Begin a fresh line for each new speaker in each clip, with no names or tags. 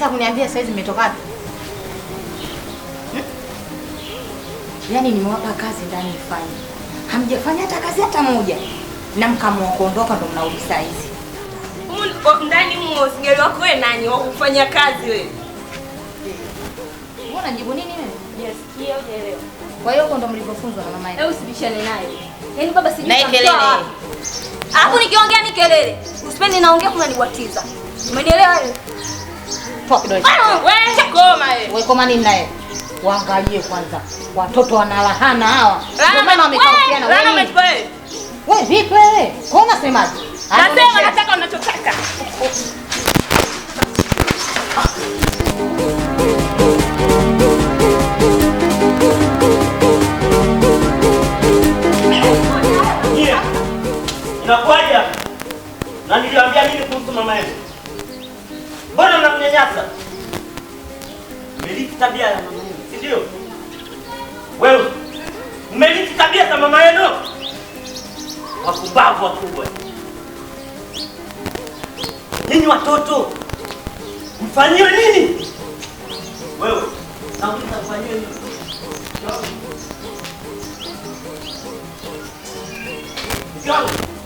unaweza kuniambia saizi umetoka wapi? Hmm? Yaani nimewapa kazi ndani ifanye, hamjafanya hata kazi hata moja, na mkaamua kuondoka, ndo mnarudi saizi
ndani humo. Sigeli wako wewe nani wa kufanya kazi wewe?
Mbona jibu nini
wewe? Yes, sikia
Kwa hiyo huko ndo mlipofunzwa na
mama yako? Hebu usibishane naye. Yaani baba sijui na kelele. Hapo nikiongea ni kelele. Usipende naongea kuna niwatiza. Umenielewa wewe? toa kidole chako. Wewe
koma wewe. Wewe koma nini naye? Waangalie kwanza. Watoto wanalahana hawa. Ndio maana wamekaukiana
wewe.
Wewe vipi wewe? Kwa unasemaje?
Nasema nataka unachotaka.
Inakuwaje? Na niliambia nini kuhusu mama yetu? Mbona mnamnyanyasa? Mmeliki tabia ya mama yenu, si ndio? Wewe mmeliki tabia za mama yenu, wapumbavu wakubwa ninyi. Watoto mfanyiwe nini? Wewe nauliza, mfanyiwe nini? Go.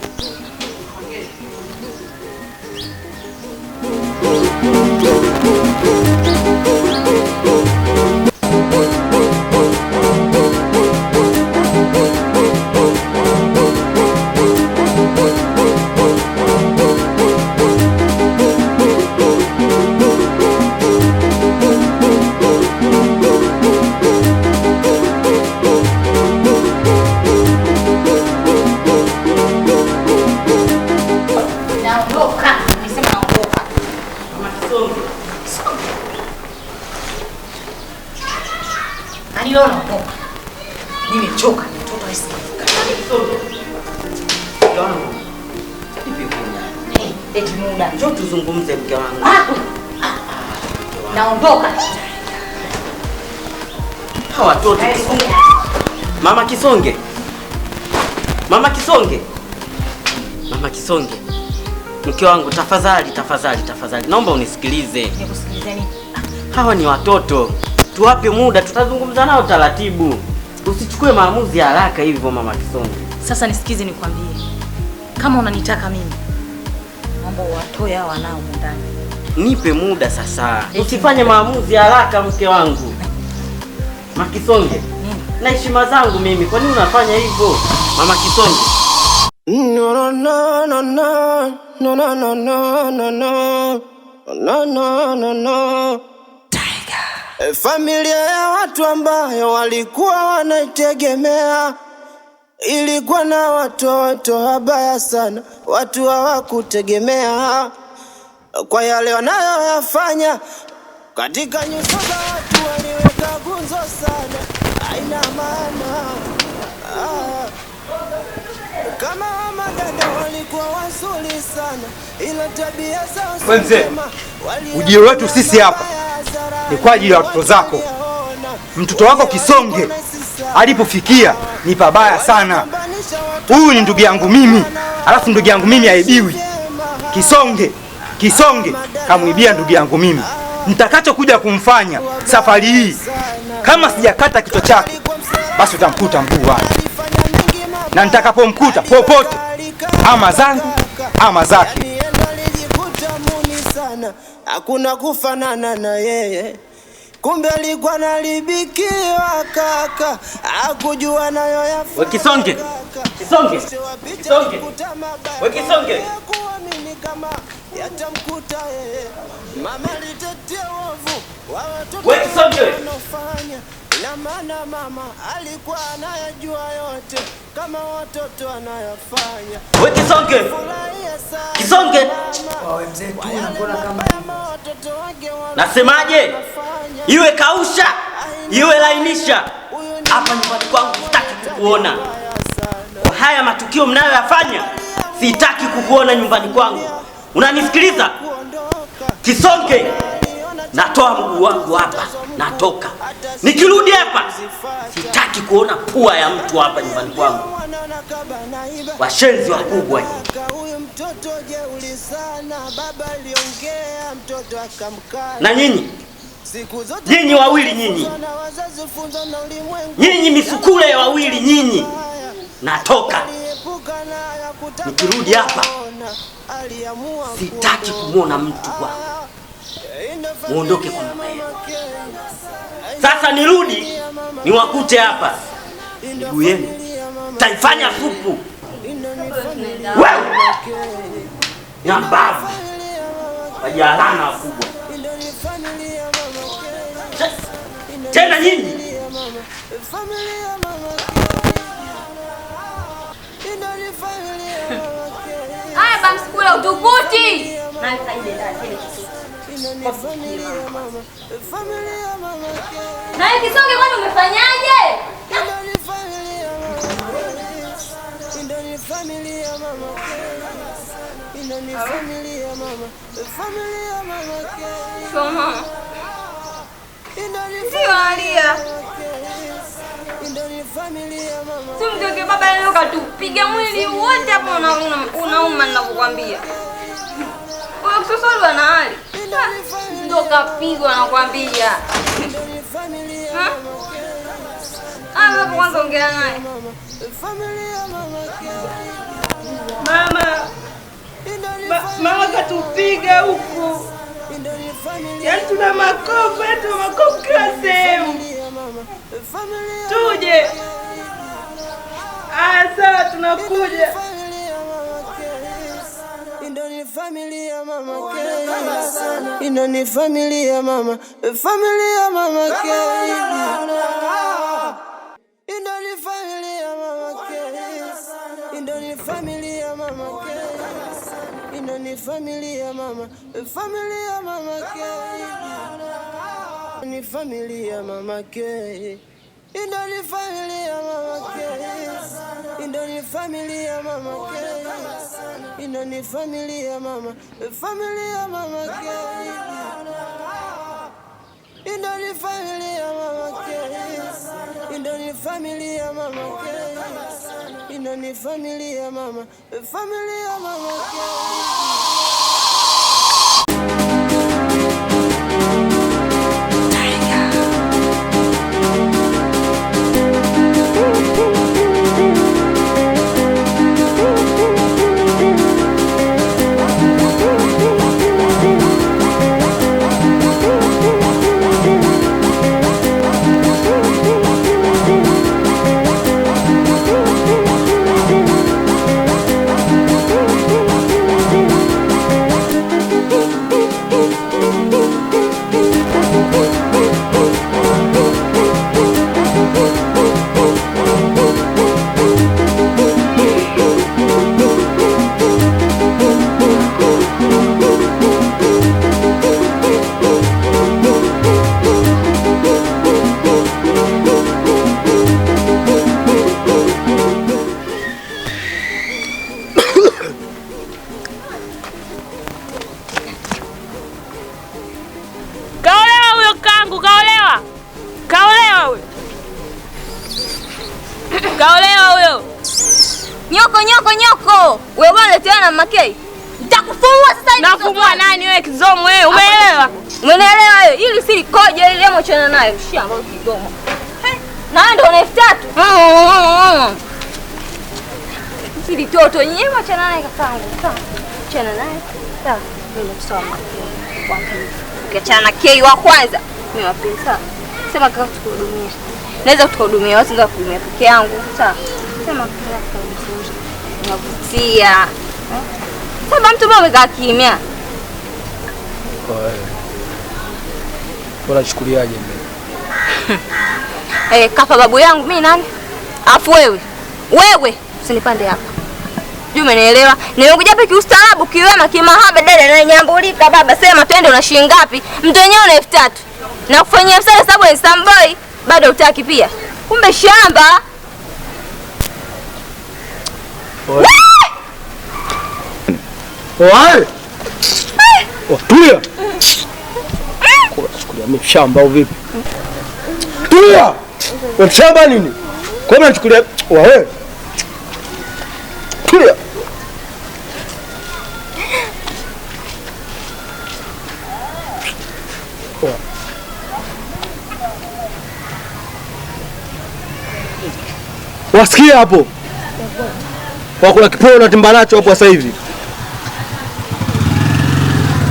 Choka mtoto asikivuka. Eti
muda. Njoo tuzungumze
mke wangu. Naondoka.
Hawa watoto. Mama Kisonge. Mama Kisonge. Mama Kisonge. Mke wangu tafadhali, tafadhali, tafadhali. Naomba
unisikilize. Nikusikilize
nini? Hawa ni watoto. Tuwape muda tutazungumza nao taratibu. Usichukue maamuzi ya haraka hivyo mama
Kisonge. Sasa nisikize nikwambie, kama unanitaka mimi, naomba uwatoe hao wanao
ndani. Nipe muda sasa, usifanye maamuzi ya haraka mke wangu Makisonge na heshima zangu mimi, kwa nini unafanya hivyo mama Kisonge?
No, no, no, no, no, no, no, no, no, no, no, no, no. Eh, familia ya watu ambayo walikuwa wanaitegemea ilikuwa na watoto wabaya sana, watu hawakutegemea kwa yale wanayoyafanya katika nyuso za watu. Waliweka gunzo sana, haina maana ah. Kama wamadada walikuwa wazuri sana, ila
tabia zao ujio wetu sisi hapa ni kwa ajili ya watoto zako. Mtoto wako Kisonge alipofikia ni pabaya sana. Huyu ni ndugu yangu mimi, alafu ndugu yangu mimi aibiwi Kisonge Kisonge kamwibia ndugu yangu mimi. Mtakachokuja kumfanya safari hii, kama sijakata kichwa chake, basi utamkuta mkuu wangu, na nitakapomkuta popote, ama zangu ama zake
hakuna kufanana na yeye. Kumbe alikuwa nalibikiwa kaka, hakujua nayo
yafaa. Kisonge, kisonge, kisonge, we kisonge kama yatamkuta yeye. Mama alitetea wavu wa watoto wanaofanya, na maana mama alikuwa anayajua yote kama watoto anayofanya. We kisonge, kisonge,
wawe mzee tu, naona kama
Nasemaje? Iwe kausha, iwe lainisha, hapa nyumbani kwangu sitaki kukuona. Kwa haya matukio mnayoyafanya, sitaki kukuona nyumbani kwangu. Unanisikiliza? Kisonge, natoa mguu wangu hapa natoka, nikirudi hapa sitaki kuona pua ya mtu hapa nyumbani kwangu. Washenzi wakubwa na nyinyi nyinyi wawili nyinyi nyinyi misukule wawili nyinyi, natoka. Nikirudi hapa sitaki kumwona mtu kwangu muondoke kwa mama yenu. Sasa nirudi niwakute hapa, ndugu yenu taifanya fupu. nyambavu, wajalana wakubwa tena nyinyi
Nawe Kisonge, kwani umefanyaje? Simtoke baba leo katupiga mwili wote hapo unauma, ninakukwambia. Wewe kusosoli wana hali ndo kapigwa nakwambia. Ah, Hapo kwanza ongea naye
mama. Mama katupiga huku, yaani tuna makovu, yaani tuna makovu kila sehemu. Tuje asa, tunakuja
familia mama Kenya, ina ni familia mama, familia mama Kenya, ina ni familia mama Kenya, ina ni familia mama Kenya, ina ni familia mama, familia mama Kenya, ni familia mama Kenya, ina ni familia mama Kenya, ina ni familia mama Kenya ina ni familia mama, familia mama Kay, ina familia mama Kay, ina familia mama Kay, ina familia mama, familia mama Kay
nyoko nyoko. Wewe bwana letea na makei.
Nitakufumua sasa hivi. Nafumua nani wewe kizomo wewe? Umeelewa?
Umeelewa wewe? Ili si koje ile emo chana nayo. Shamba kizomo. Na wewe ndio una elfu tatu. Sili toto nyewe chana naye kakangu. Chana naye. Sawa. Mimi nakusoma. Ukiachana na kei wa kwanza. Mimi wapenda. Sema kaka tukuhudumia. Naweza kutuhudumia, watu ndio kuhudumia peke yangu. Sawa. Sema kaka tukuhudumia unavutia. saba mtu mbona umekaa kimya?
Bora mimi?
Eh, kafa babu yangu mimi nani? Afu wewe. Wewe usinipande hapa. Juu umenielewa? Nimekuja hapa kiustaarabu, kiwema, kimahaba dada na nyambulika baba. Sema twende una shilingi ngapi? Mtu wenyewe una elfu tatu. Na kufanyia msala sababu ni samboi bado utaki pia. Kumbe shamba.
Tulia. Mshamba au vipi? Tulia. Mshamba nini? Kwa nini unachukulia wewe? Tulia. Wasikia hapo? Wakula kiporo unatimba nacho hapo sasa hivi.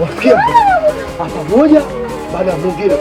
wakia hapa moja baada ya mwingine.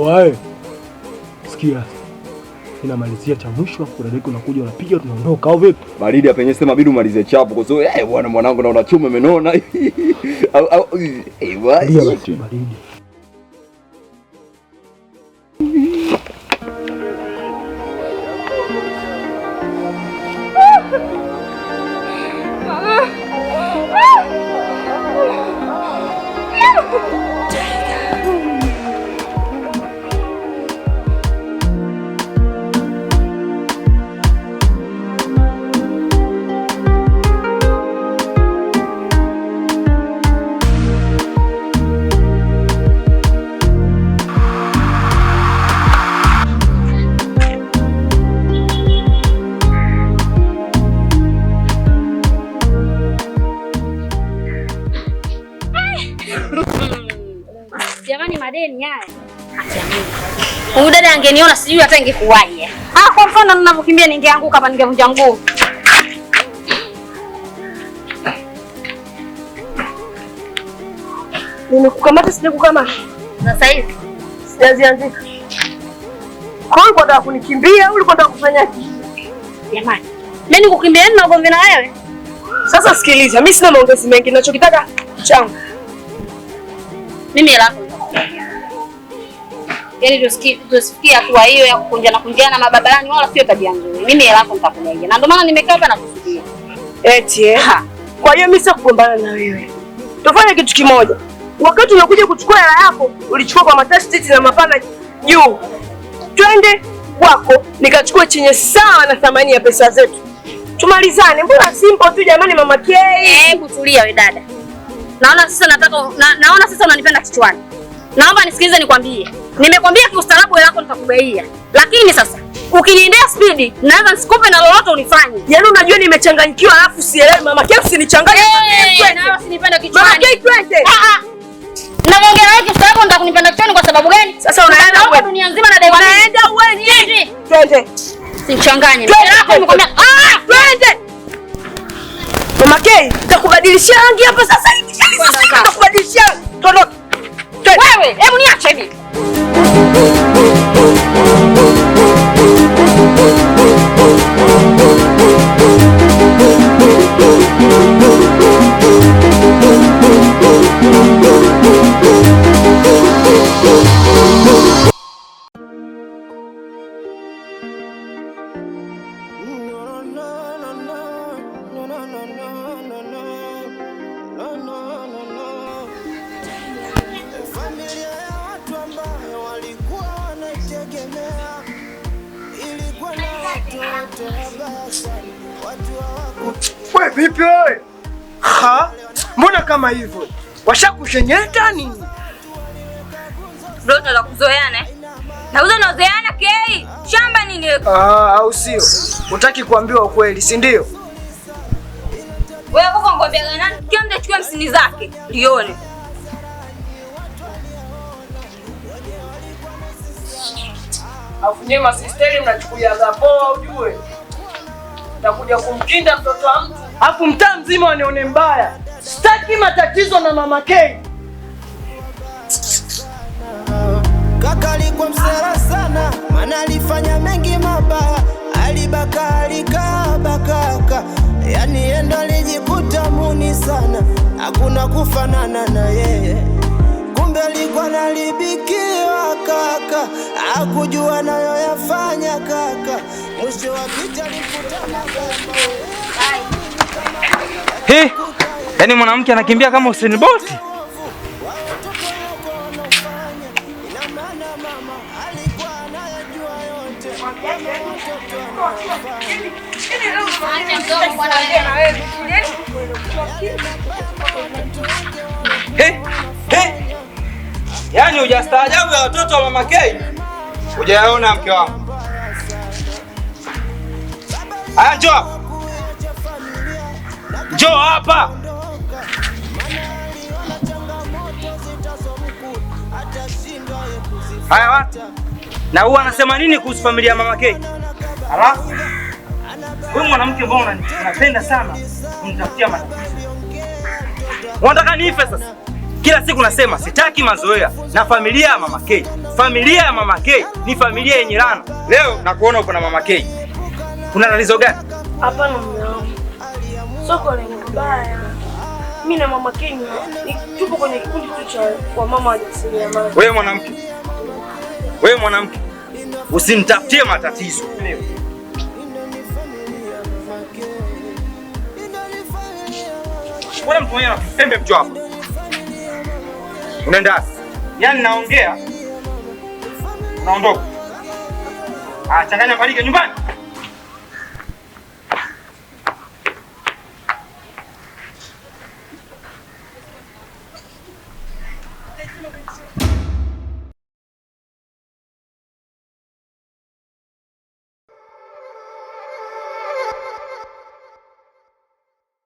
Wae. Sikia. Inamalizia cha mwisho, kuna dakika unakuja unapiga tunaondoka au vipi? Baridi hapa yenyewe sema bidu umalize chapo kwa sababu eh, bwana mwanangu naona chuma amenona. Au au eh, baridi.
dada angeniona sijui hata ingekuwaje. Ah, kwa mfano ninavyokimbia ningeanguka hapa ningevunja mguu.
Nimekukamata kukamata. Sasa hivi sijazianzika. Kwa hiyo unataka kunikimbia au unataka kufanya
nini? Jamani, mimi nikukimbia nini na ugomvi na wewe?
Sasa sikiliza, mimi sina maongezi mengi ninachokitaka changa.
Mimi la Yaani tusifikia hatua hiyo ya kukunjana kunjana mababarani, wala sio tabia nzuri. Mimi hela yako nitakunyagia, na ndio maana nimekaa hapa
nakusudia. Eti eh. Kwa hiyo mimi sikugombana na wewe, tufanye kitu kimoja. Wakati unakuja kuchukua hela yako, ulichukua kwa matashi titi na mapana juu, twende kwako nikachukua chenye sawa na thamani ya pesa zetu, tumalizane. Mbona simple tu jamani, mama K.
Eh, kutulia we dada, naona sasa nataka na, naona sasa unanipenda kichwani. Naomba nisikilize nikwambie Nimekwambia kiustaarabu wako nitakugaia, lakini sasa ukiniendea spidi naweza nisikupe na lolote
unifanye. Yaani unajua nimechanganyikiwa, alafu sielewi mama kile
usinichanganye. Naongea wewe kiustaarabu, ndio kunipenda kichwani kwa sababu gani? Sasa unaenda wewe. dunia nzima na dewa.
Unaenda wewe nini? Twende.
Sichanganye. Ah,
twende. Mama K, nitakubadilishia rangi hapa sasa hivi. Yaani nitakubadilishia. Tondoka.
Wewe, hebu niache hivi. oh, woo, woo,
We vipi wewe? Ha? Mbona kama hivyo? Washakushenyeta nini?
Ndio tunataka kuzoeana. Na Nauza nazoeana kei.
Shamba nini wewe? Ah, au sio? Unataki kuambiwa ukweli, si ndio?
Wewe uko ngombe gani? Kila chukua msini zake. Lione.
Alafu nyie masisteri za poa, ujue takuja kumkinda mtoto wa mtu, alafu mtaa mzima wanione mbaya. Sitaki matatizo na mama K.
Kaka alikuwa msera sana, maana alifanya mengi mabaya, alibaka alikabakaka, yani endo ndo alijikuta muni sana, hakuna kufanana na yeye, kumbe alikuwa nalibikiwa waka, akujua yafanya kaka, mwisho wa picha nikutana kaka.
Eh, yaani mwanamke anakimbia kama Usain Bolt. Hey. Eh, Yaani hujastaajabu ya watoto wa Mama Kei? hujayaona, mke wangu. Aya, njoo njoo hapa. Aya, watu na huwa anasema nini kuhusu familia ya Mama Kei?
Halafu wewe mwanamke ambao unapenda sana, unitafutia matatizo,
unataka nife sasa? Kila siku nasema sitaki mazoea na familia ya Mama K. Familia ya Mama K ni familia yenye lana. Leo nakuona uko na Mama K. Kuna tatizo gani?
Hapana mume wangu. Soko lenye mbaya. Mimi na Mama K ni tupo kwenye kikundi tu cha kwa mama wajasiriamali.
Wewe mwanamke. Wewe mwanamke. Usimtafutie matatizo. Wewe mtu mwenyewe, embe mtu hapa? Unaenda yani Yaani naongea. Naondoka. Ah, changanya kwa nyumbani.